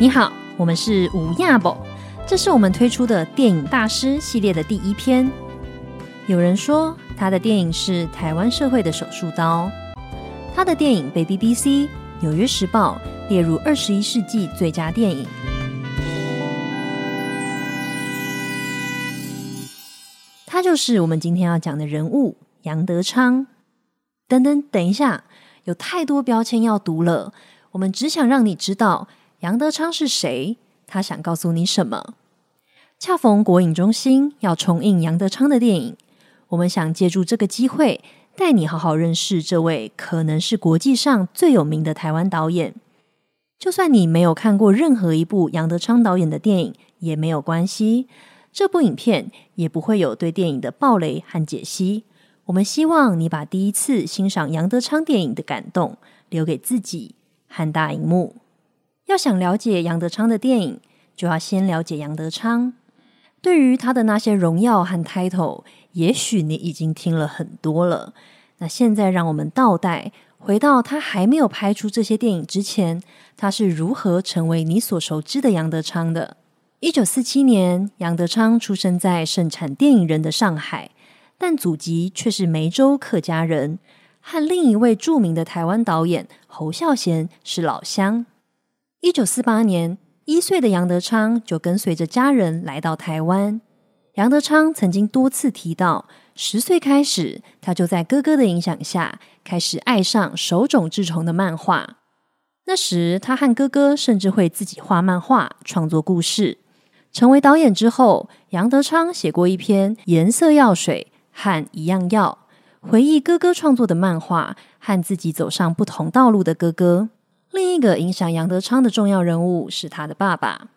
你好，我們是吳亞博，這是我們推出的電影大師系列的第一篇。有人說他的電影是台灣社會的手術刀，他的電影被 BBC、紐約時報列入二十一世紀最佳電影。他就是我們今天要講的人物，楊德昌。等等，等一下，有太多標籤要讀了，我們只想讓你知道。楊德昌是誰？他想告訴你什麼？恰逢國影中心要重映楊德昌的電影，我們想借助這個機會，帶你好好認識這位可能是國際上最有名的台灣導演。就算你沒有看過任何一部楊德昌導演的電影，也沒有關係。這部影片也不會有對電影的暴雷和解析。我們希望你把第一次欣賞楊德昌電影的感動留給自己和大熒幕。要想了解楊德昌的電影，就要先了解楊德昌。對於他的那些榮耀和 title，也許你已經聽了很多了。那現在，讓我們倒帶，回到他還沒有拍出這些電影之前，他是如何成為你所熟知的楊德昌的？一九四七年，楊德昌出生在盛產電影人的上海，但祖籍卻是梅州客家人，和另一位著名的台灣導演侯孝賢是老鄉。一九四八年，一歲的楊德昌就跟隨着家人來到台灣。楊德昌曾經多次提到，十歲開始，他就在哥哥的影響下，開始愛上手塚治蟲的漫畫。那時，他和哥哥甚至會自己畫漫畫，創作故事。成為導演之後，楊德昌寫過一篇《顏色藥水》和《一樣藥》，回憶哥哥創作的漫畫和自己走上不同道路的哥哥。另一個影響楊德昌的重要人物是他的爸爸。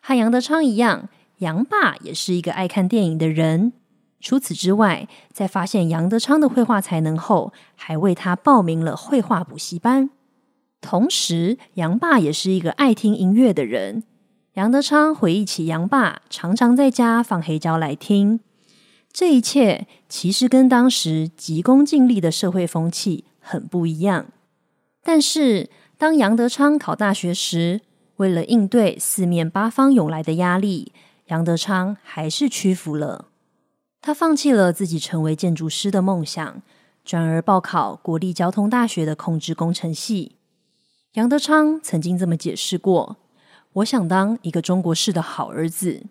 和楊德昌一樣，楊爸也是一個愛看電影的人。除此之外，在發現楊德昌的繪畫才能後，還為他報名了繪畫補習班。同時，楊爸也是一個愛聽音樂的人。楊德昌回憶起楊爸常常在家放黑膠來聽。這一切其實跟當時急功近利的社會風氣很不一樣。但是，當楊德昌考大學時，為了應對四面八方湧來的壓力，楊德昌還是屈服了。他放棄了自己成為建築師的夢想，轉而報考國立交通大學的控制工程系。楊德昌曾經這麼解釋過：“我想當一個中國式的好兒子。”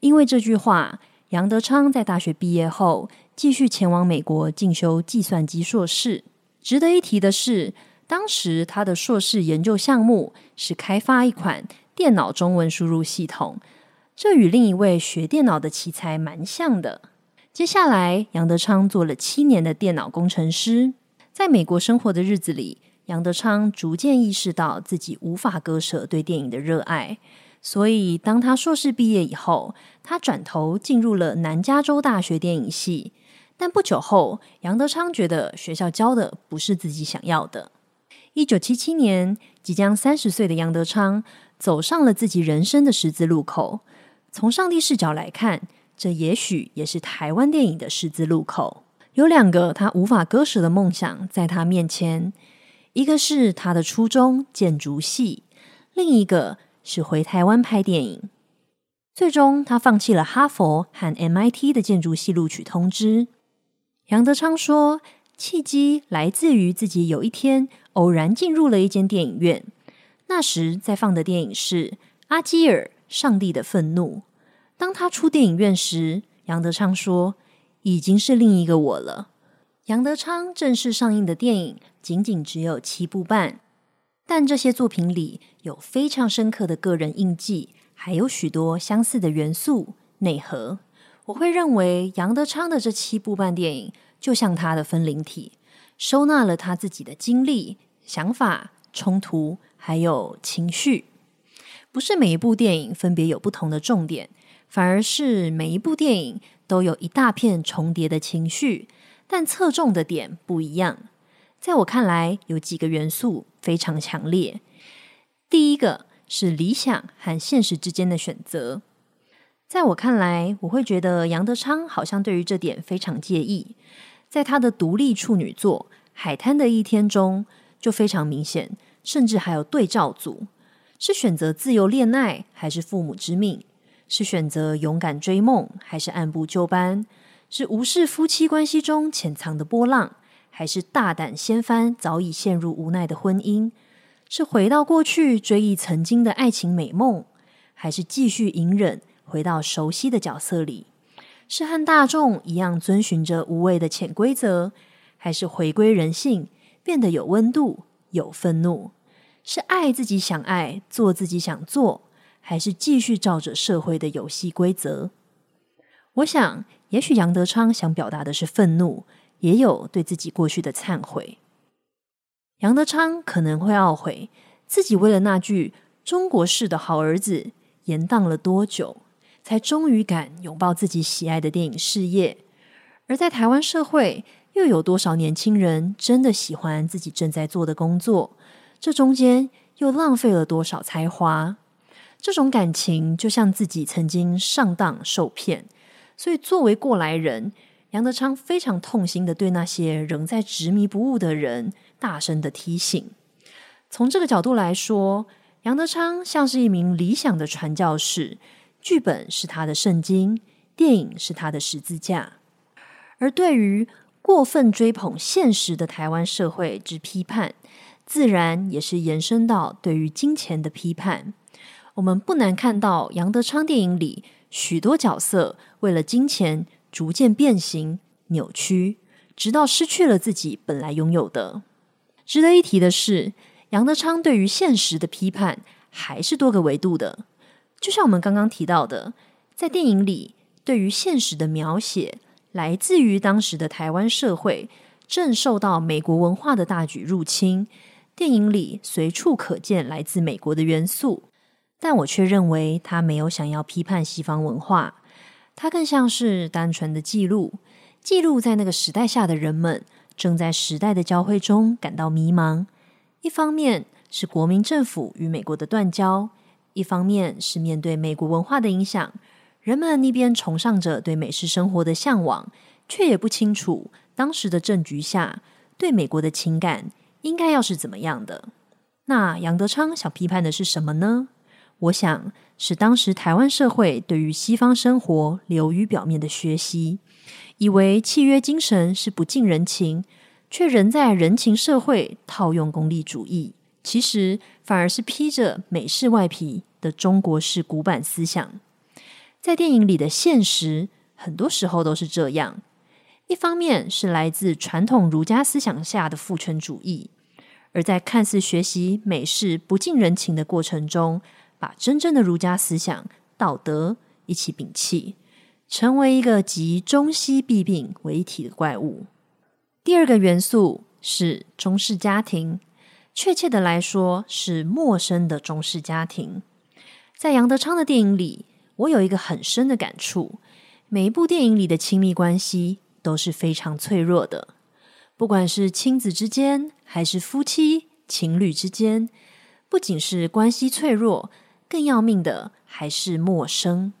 因為這句話，楊德昌在大學畢業後繼續前往美國進修計算機碩士。值得一提的是，當時他的碩士研究項目是開發一款電腦中文輸入系統，這與另一位學電腦的奇才蠻像的。接下來，楊德昌做了七年的電腦工程師，在美國生活的日子裡，楊德昌逐漸意識到自己無法割捨對電影的熱愛，所以當他碩士畢業以後，他轉頭進入了南加州大學電影系。但不久後，楊德昌覺得學校教的不是自己想要的。一九七七年，即將三十歲的楊德昌走上了自己人生的十字路口。從上帝視角來看，這也許也是台灣電影的十字路口。有兩個他無法割捨的夢想在他面前，一個是他的初衷建築系，另一個是回台灣拍電影。最終，他放棄了哈佛和 MIT 的建築系錄取通知。楊德昌說。契機來自於自己有一天偶然進入了一間電影院，那時在放的電影是《阿基爾：上帝的憤怒》。當他出電影院時，楊德昌說：“已經是另一個我了。”楊德昌正式上映的電影僅僅只有七部半，但這些作品裡有非常深刻的個人印記，還有許多相似的元素內核。我會認為楊德昌的這七部半電影，就像他的分靈體，收納了他自己的經歷、想法、衝突，還有情緒。不是每一部電影分別有不同的重點，反而是每一部電影都有一大片重疊的情緒，但側重的點不一樣。在我看來，有幾個元素非常強烈。第一個是理想和現實之間的選擇。在我看來，我會覺得楊德昌好像對於這點非常介意，在他的獨立處女作《海灘的一天》中就非常明顯，甚至還有對照組：是選擇自由戀愛還是父母之命？是選擇勇敢追夢還是按部就班？是無視夫妻關係中潛藏的波浪，還是大膽掀翻早已陷入無奈的婚姻？是回到過去追憶曾經的愛情美夢，還是繼續隱忍？回到熟悉的角色裡，是和大眾一樣遵循着無謂的潛規則，還是回歸人性，變得有溫度、有憤怒？是愛自己想愛，做自己想做，還是繼續照着社會的遊戲規則？我想，也許楊德昌想表達的是憤怒，也有對自己過去的懺悔。楊德昌可能會懊悔，自己為了那句“中國式的好兒子”延宕了多久。才終於敢擁抱自己喜愛的電影事業，而在台灣社會，又有多少年輕人真的喜歡自己正在做的工作？這中間又浪費了多少才華？這種感情就像自己曾經上當受騙，所以作為過來人，楊德昌非常痛心地對那些仍在執迷不悟的人大聲地提醒。從這個角度來說，楊德昌像是一名理想的傳教士。劇本是他的聖經，電影是他的十字架。而對於過分追捧現實的台灣社會之批判，自然也是延伸到對於金錢的批判。我們不難看到，楊德昌電影裡許多角色為了金錢逐漸變形扭曲，直到失去了自己本來擁有的。值得一提的是，楊德昌對於現實的批判還是多個維度的。就像我們剛剛提到的，在電影裡對於現實的描寫來自於當時的台灣社會正受到美國文化的大舉入侵，電影裡隨處可見來自美國的元素。但我卻認為他沒有想要批判西方文化，他更像是單純的記錄，記錄在那個時代下的人們正在時代的交匯中感到迷茫。一方面是國民政府與美國的斷交。一方面是面對美國文化的影響，人們一邊崇尚着對美式生活的向往，卻也不清楚當時的政局下對美國的情感應該要是怎麼樣的。那楊德昌想批判的是什麼呢？我想是當時台灣社會對於西方生活流於表面的學習，以為契約精神是不近人情，卻仍在人情社會套用功利主義。其實，反而是披着美式外皮的中國式古板思想，在電影裡的現實，很多時候都是這樣。一方面是來自傳統儒家思想下的父權主義，而在看似學習美式不近人情的過程中，把真正的儒家思想、道德一起摒棄，成為一個集中西弊病為一體的怪物。第二個元素是中式家庭。確切的來說，是陌生的中式家庭。在楊德昌的電影裡，我有一個很深的感觸：每一部電影裡的親密關係都是非常脆弱的，不管是親子之間，還是夫妻、情侶之間，不僅是關係脆弱，更要命的還是陌生。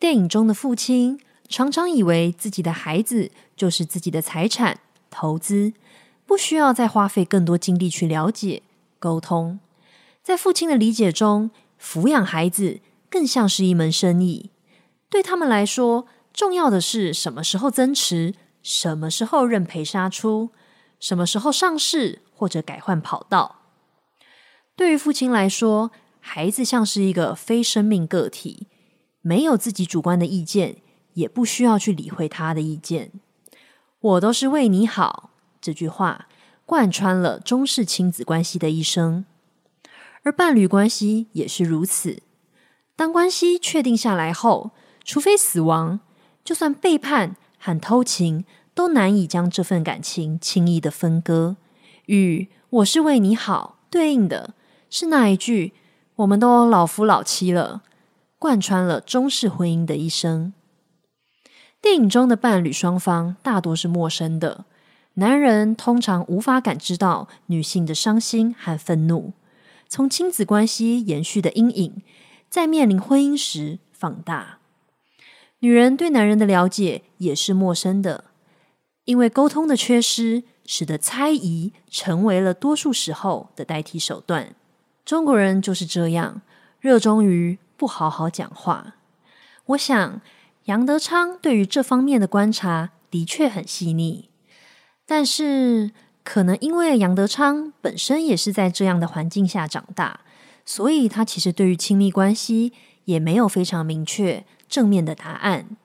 電影中的父親常常以為自己的孩子就是自己的財產、投資。不需要再花費更多精力去了解、溝通。在父親的理解中，撫養孩子更像是一門生意。對他們來說，重要的是什麼時候增持，什麼時候認賠殺出，什麼時候上市或者改換跑道。對於父親來說，孩子像是一個非生命個體，沒有自己主觀的意見，也不需要去理會他的意見。我都是為你好。這句話貫穿了中式親子關係的一生，而伴侶關係也是如此。當關係確定下來後，除非死亡，就算背叛和偷情，都難以將這份感情輕易的分割。與“我是為你好”對應的是那一句“我們都老夫老妻了”，貫穿了中式婚姻的一生。電影中的伴侶雙方大多是陌生的。男人通常無法感知到女性的傷心和憤怒，從親子關係延續的陰影，在面臨婚姻時放大。女人對男人的了解也是陌生的，因為溝通的缺失，使得猜疑成為了多數時候的代替手段。中國人就是這樣，熱衷於不好好講話。我想，楊德昌對於這方面的觀察的確很細膩。但是，可能因為楊德昌本身也是在這樣的環境下長大，所以他其實對於親密關係也沒有非常明確正面的答案。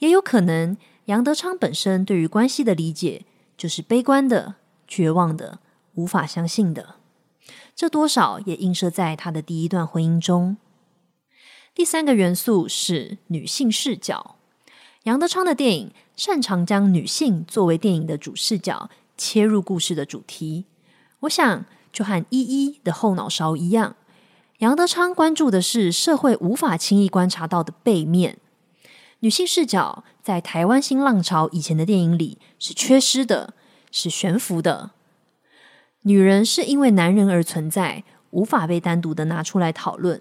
也有可能，楊德昌本身對於關係的理解就是悲觀的、絕望的、無法相信的。這多少也映射在他的第一段婚姻中。第三個元素是女性視角，楊德昌的電影。擅長將女性作為電影的主視角切入故事的主題，我想就和一一的後腦勺一樣，楊德昌關注的是社會無法輕易觀察到的背面。女性視角在台灣新浪潮以前的電影裡是缺失的，是懸浮的。女人是因為男人而存在，無法被單獨的拿出來討論。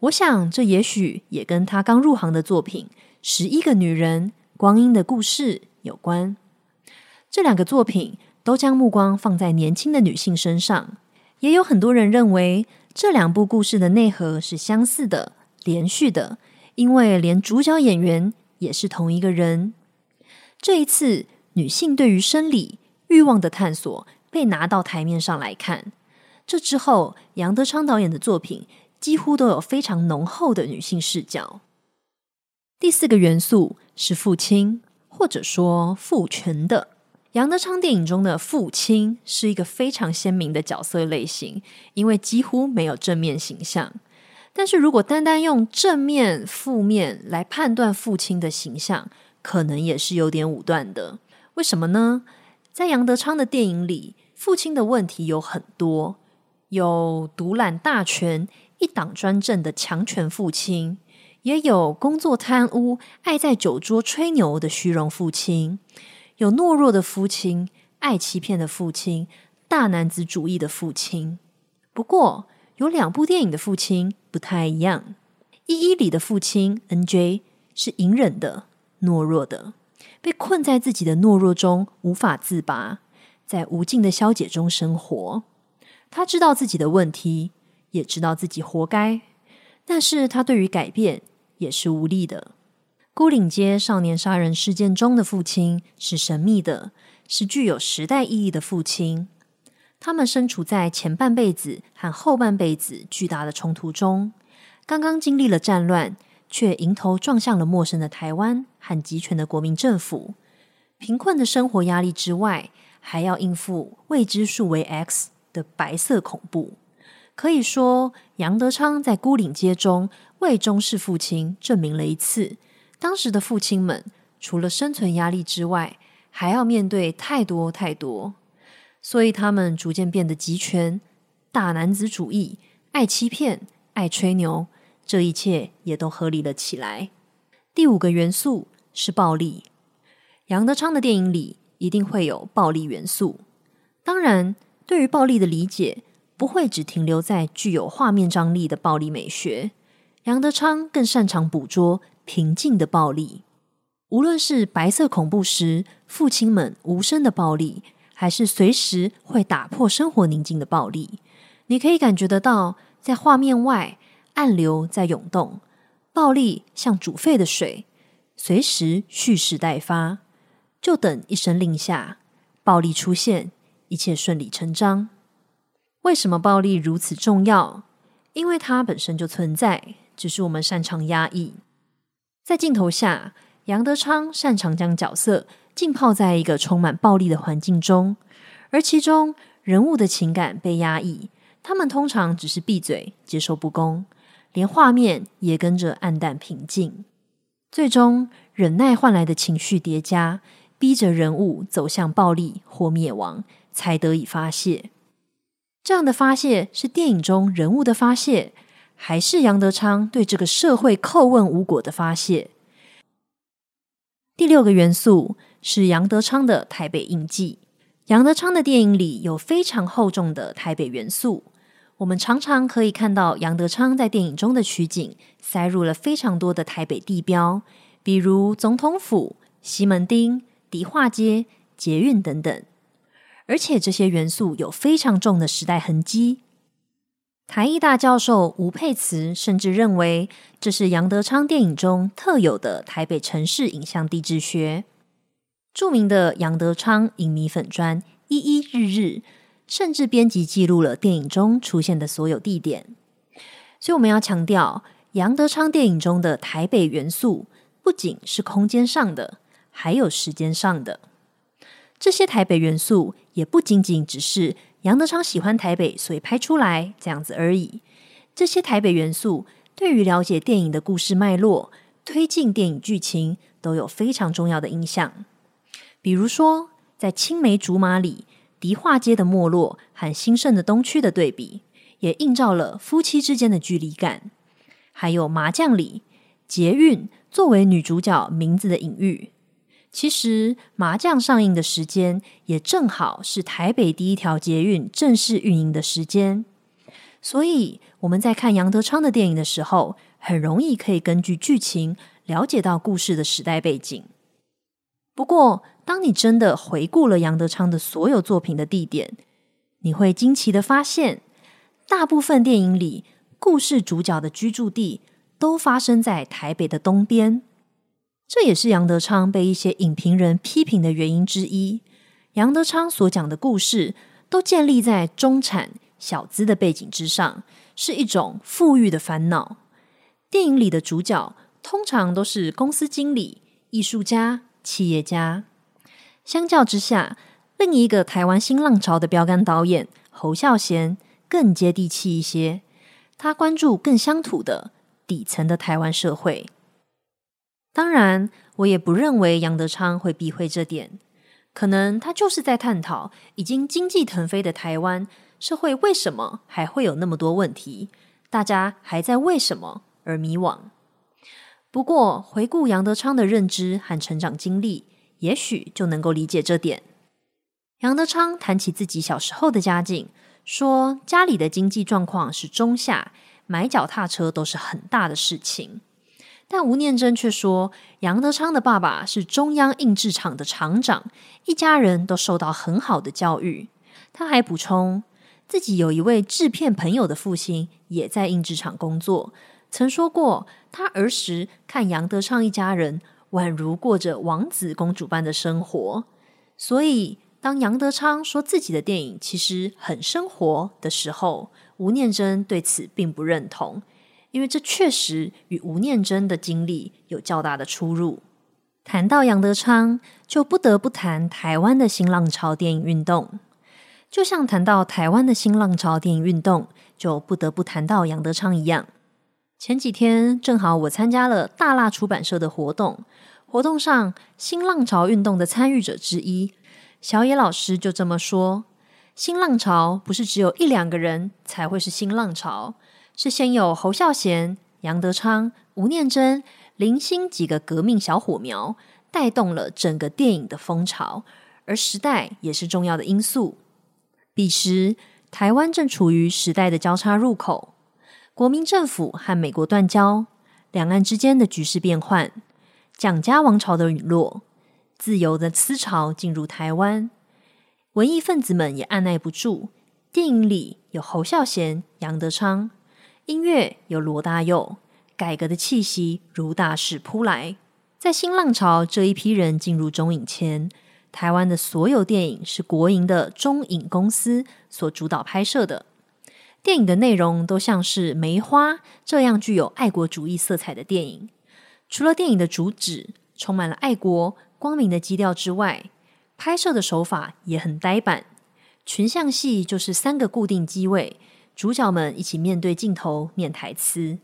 我想這也許也跟他剛入行的作品《十一個女人》。光陰的故事有關，這兩個作品都將目光放在年輕的女性身上。也有很多人認為這兩部故事的內核是相似的、連續的，因為連主角演員也是同一個人。這一次，女性對於生理欲望的探索被拿到台面上來看。這之後，楊德昌導演的作品幾乎都有非常濃厚的女性視角。第四個元素是父親，或者說父權的。楊德昌電影中的父親是一個非常鮮明的角色類型，因為幾乎沒有正面形象。但是如果單單用正面、負面來判斷父親的形象，可能也是有點武斷的。為什麼呢？在楊德昌的電影裡，父親的問題有很多，有獨攬大權、一黨專政的強權父親。也有工作貪污、愛在酒桌吹牛的虛榮父親，有懦弱的父親，愛欺騙的父親，大男子主義的父親。不過，有兩部電影的父親不太一樣。《一一》裡的父親 N.J. 是隱忍的、懦弱的，被困在自己的懦弱中無法自拔，在無盡的消解中生活。他知道自己的問題，也知道自己活該，但是他對於改變，也是無力的。牯嶺街少年殺人事件中的父親是神秘的，是具有時代意義的父親。他們身處在前半輩子和後半輩子巨大的衝突中，剛剛經歷了戰亂，卻迎頭撞向了陌生的台灣和集權的國民政府。貧困的生活壓力之外，還要應付未知數為 X 的白色恐怖。可以說，楊德昌在牯嶺街中，為中式父親證明了一次。當時的父親們除了生存壓力之外，還要面對太多太多，所以他們逐漸變得極權、大男子主義、愛欺騙、愛吹牛，這一切也都合理了起來。第五個元素是暴力。楊德昌的電影裡一定會有暴力元素。當然，對於暴力的理解不會只停留在具有畫面張力的暴力美學。楊德昌更擅長捕捉平靜的暴力，無論是白色恐怖時父親們無聲的暴力，還是隨時會打破生活寧靜的暴力，你可以感覺得到，在畫面外暗流在湧動，暴力像煮沸的水，隨時蓄勢待發，就等一聲令下，暴力出現，一切順理成章。為什麼暴力如此重要？因為它本身就存在。只是我們擅長壓抑，在鏡頭下，楊德昌擅長將角色浸泡在一個充滿暴力的環境中，而其中人物的情感被壓抑，他們通常只是閉嘴接受不公，連畫面也跟着暗淡平靜。最終，忍耐換來的情緒疊加，逼着人物走向暴力或滅亡，才得以發洩。這樣的發洩是電影中人物的發洩。還是楊德昌對這個社會叩問無果的發洩。第六個元素是楊德昌的台北印記。楊德昌的電影裡有非常厚重的台北元素，我們常常可以看到楊德昌在電影中的取景塞入了非常多的台北地標，比如總統府、西門町、迪化街、捷運等等，而且這些元素有非常重的時代痕跡。台藝大教授吳佩慈甚至認為，這是楊德昌電影中特有的台北城市影像地質學。著名的楊德昌影迷粉專一一日日，甚至編輯記錄了電影中出現的所有地點。所以我們要強調，楊德昌電影中的台北元素，不僅是空間上的，還有時間上的。這些台北元素，也不僅僅只是，楊德昌喜歡台北，所以拍出來這樣子而已。這些台北元素對於了解電影的故事脈絡、推進電影劇情都有非常重要的影響。比如說，在《青梅竹馬》裡，迪化街的沒落和興盛的東區的對比，也映照了夫妻之間的距離感。還有《麻將》裡，捷運作為女主角名字的隱喻。其實，《麻將》上映的時間也正好是台北第一條捷運正式運營的時間，所以我們在看楊德昌的電影的時候，很容易可以根據劇情了解到故事的時代背景。不過，當你真的回顧了楊德昌的所有作品的地點，你會驚奇的發現，大部分電影裡故事主角的居住地都發生在台北的東邊。這也是楊德昌被一些影評人批評的原因之一。楊德昌所講的故事都建立在中產小資的背景之上，是一種富裕的煩惱。電影裡的主角通常都是公司經理、藝術家、企業家。相較之下，另一個台灣新浪潮的標杆導演侯孝賢更接地氣一些，他關注更鄉土的底層的台灣社會。當然，我也不認為楊德昌會避諱這點，可能他就是在探討已經經濟騰飛的台灣社會為什麼還會有那麼多問題，大家還在為什麼而迷惘。不過，回顧楊德昌的認知和成長經歷，也許就能夠理解這點。楊德昌談起自己小時候的家境，說家裡的經濟狀況是中下，買腳踏車都是很大的事情。但吳念真卻說，楊德昌的爸爸是中央印製廠的廠長，一家人都受到很好的教育。他還補充，自己有一位製片朋友的父親也在印製廠工作，曾說過他兒時看楊德昌一家人宛如過着王子公主般的生活。所以，當楊德昌說自己的電影其實很生活的時候，吳念真對此並不認同。因為這確實與吳念真的經歷有較大的出入。談到楊德昌，就不得不談台灣的新浪潮電影運動。就像談到台灣的新浪潮電影運動，就不得不談到楊德昌一樣。前幾天正好我參加了大辣出版社的活動，活動上新浪潮運動的參與者之一小野老師就這麼說：“新浪潮不是只有一兩個人才會是新浪潮。”是先有侯孝賢、楊德昌、吳念真，零星幾個革命小火苗，帶動了整個電影的風潮。而時代也是重要的因素。彼時，台灣正處於時代的交叉入口，國民政府和美國斷交，兩岸之間的局勢變幻，蔣家王朝的隕落，自由的思潮進入台灣，文藝分子們也按捺不住。電影裡有侯孝賢、楊德昌。音樂有羅大佑，改革的氣息如大勢撲來。在新浪潮這一批人進入中影前，台灣的所有電影是國營的中影公司所主導拍攝的。電影的內容都像是《梅花》這樣具有愛國主義色彩的電影。除了電影的主旨充滿了愛國、光明的基調之外，拍攝的手法也很呆板，群像戲就是三個固定機位。主角們一起面對鏡頭唸台詞，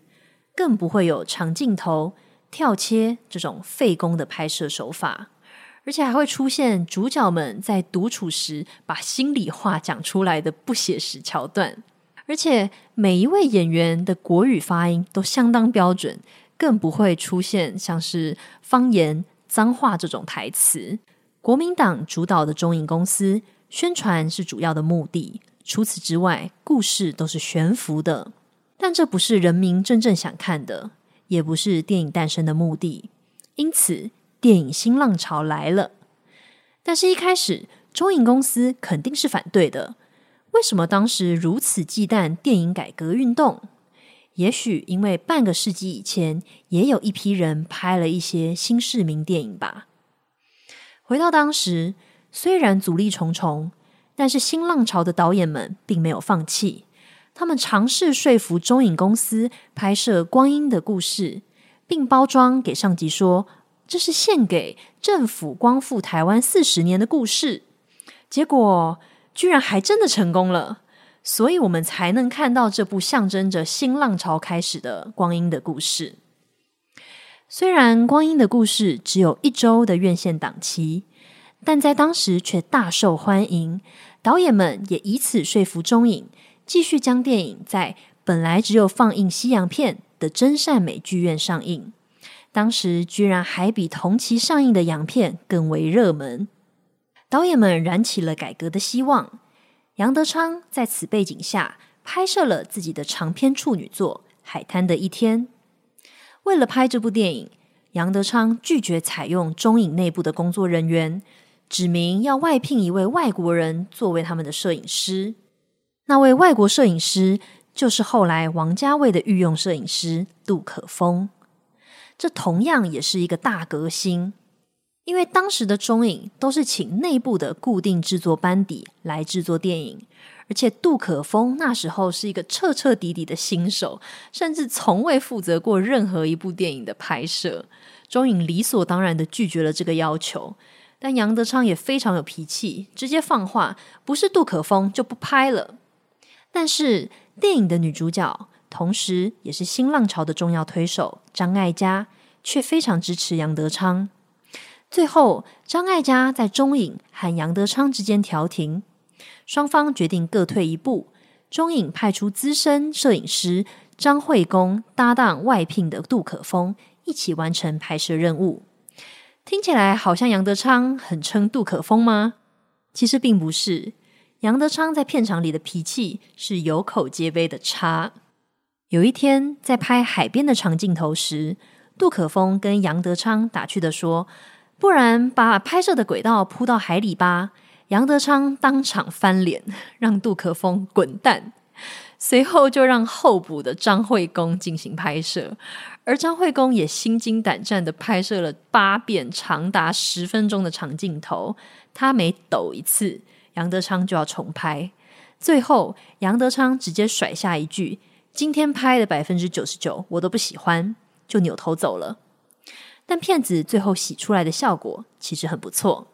更不會有長鏡頭、跳切這種費工的拍攝手法，而且還會出現主角們在獨處時把心裡話講出來的不寫實橋段，而且每一位演員的國語發音都相當標準，更不會出現像是方言、髒話這種台詞。國民黨主導的中影公司宣傳是主要的目的。除此之外，故事都是懸浮的，但這不是人民真正想看的，也不是電影誕生的目的。因此，電影新浪潮來了。但是，一開始，中影公司肯定是反對的。為什麼當時如此忌憚電影改革運動？也許因為半個世紀以前，也有一批人拍了一些新市民電影吧。回到當時，雖然阻力重重。但是新浪潮的導演們並沒有放棄，他們嘗試說服中影公司拍攝《光陰的故事》，並包裝給上級說這是獻給政府光復台灣四十年的故事。結果居然還真的成功了，所以我們才能看到這部象徵着新浪潮開始的《光陰的故事》。雖然《光陰的故事》只有一周的院線檔期，但在當時卻大受歡迎。導演們也以此說服中影，繼續將電影在本來只有放映西洋片的真善美劇院上映。當時居然還比同期上映的洋片更為熱門。導演們燃起了改革的希望。楊德昌在此背景下拍攝了自己的長篇處女作《海灘的一天》。為了拍這部電影，楊德昌拒絕採用中影內部的工作人員。指明要外聘一位外國人作為他們的攝影師，那位外國攝影師就是後來王家衛的御用攝影師杜可風。這同樣也是一個大革新，因為當時的中影都是請內部的固定製作班底來製作電影，而且杜可風那時候是一個徹徹底底的新手，甚至從未負責過任何一部電影的拍攝。中影理所當然的拒絕了這個要求。但楊德昌也非常有脾氣，直接放話：不是杜可風就不拍了。但是電影的女主角，同時也是新浪潮的重要推手張艾嘉，卻非常支持楊德昌。最後，張艾嘉在中影和楊德昌之間調停，雙方決定各退一步。中影派出資深攝影師張惠公搭檔外聘的杜可風，一起完成拍攝任務。聽起來好像楊德昌很稱杜可風嗎？其實並不是。楊德昌在片場裡的脾氣是有口皆碑的差。有一天，在拍海邊的長鏡頭時，杜可風跟楊德昌打趣的說：“不然把拍攝的軌道鋪到海裡吧。”楊德昌當場翻臉，讓杜可風滾蛋，隨後就讓候補的張惠公進行拍攝。而張惠公也心驚膽戰的拍攝了八遍長達十分鐘的長鏡頭，他每抖一次，楊德昌就要重拍。最後，楊德昌直接甩下一句：“今天拍的百分之九十九我都不喜歡”，就扭頭走了。但片子最後洗出來的效果其實很不錯。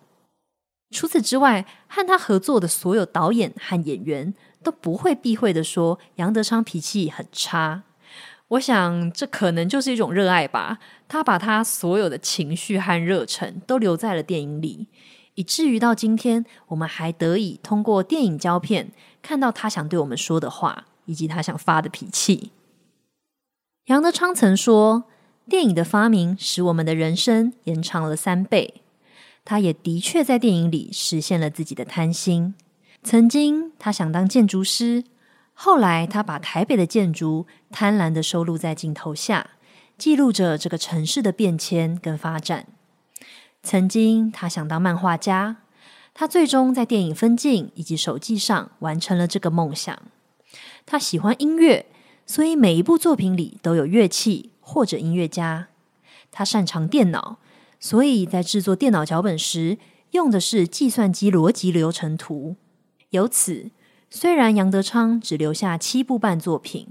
除此之外，和他合作的所有導演和演員都不會避諱的說，楊德昌脾氣很差。我想，這可能就是一種熱愛吧。他把他所有的情緒和熱忱都留在了電影裡，以至於到今天，我們還得以通過電影膠片看到他想對我們說的話，以及他想發的脾氣。楊德昌曾說：“電影的發明使我們的人生延長了三倍。”他也的確在電影裡實現了自己的貪心。曾經，他想當建築師。後來，他把台北的建築貪婪的收錄在鏡頭下，記錄着這個城市的變遷跟發展。曾經，他想當漫畫家，他最終在電影分鏡以及手記，上完成了這個夢想。他喜歡音樂，所以每一部作品裡都有樂器或者音樂家。他擅長電腦，所以在製作電腦腳本時用的是計算機邏輯流程圖。由此。雖然楊德昌只留下七部半作品，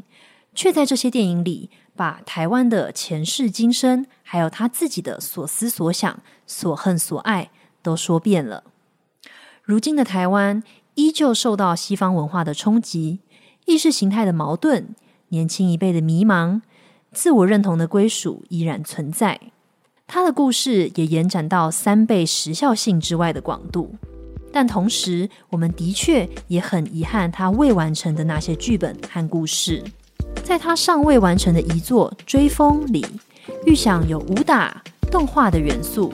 卻在這些電影裡把台灣的前世今生，還有他自己的所思所想、所恨所愛都說遍了。如今的台灣依舊受到西方文化的衝擊、意識形態的矛盾、年輕一輩的迷茫、自我認同的歸屬依然存在。他的故事也延展到三倍時效性之外的廣度。但同時，我們的確也很遺憾他未完成的那些劇本和故事。在他尚未完成的遺作《追風》裡，預想有武打動畫的元素。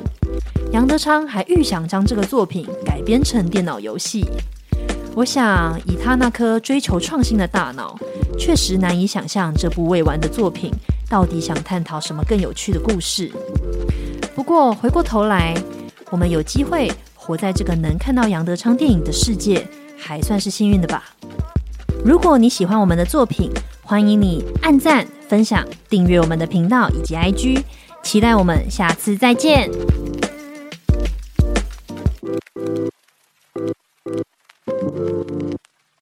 楊德昌還預想將這個作品改編成電腦遊戲。我想，以他那顆追求創新的大腦，確實難以想象這部未完的作品到底想探討什麼更有趣的故事。不過，回過頭來，我們有機會。活在這個能看到楊德昌電影的世界，還算是幸運的吧。如果你喜歡我們的作品，歡迎你按讚、分享、訂閱我們的頻道以及 IG，期待我們下次再見。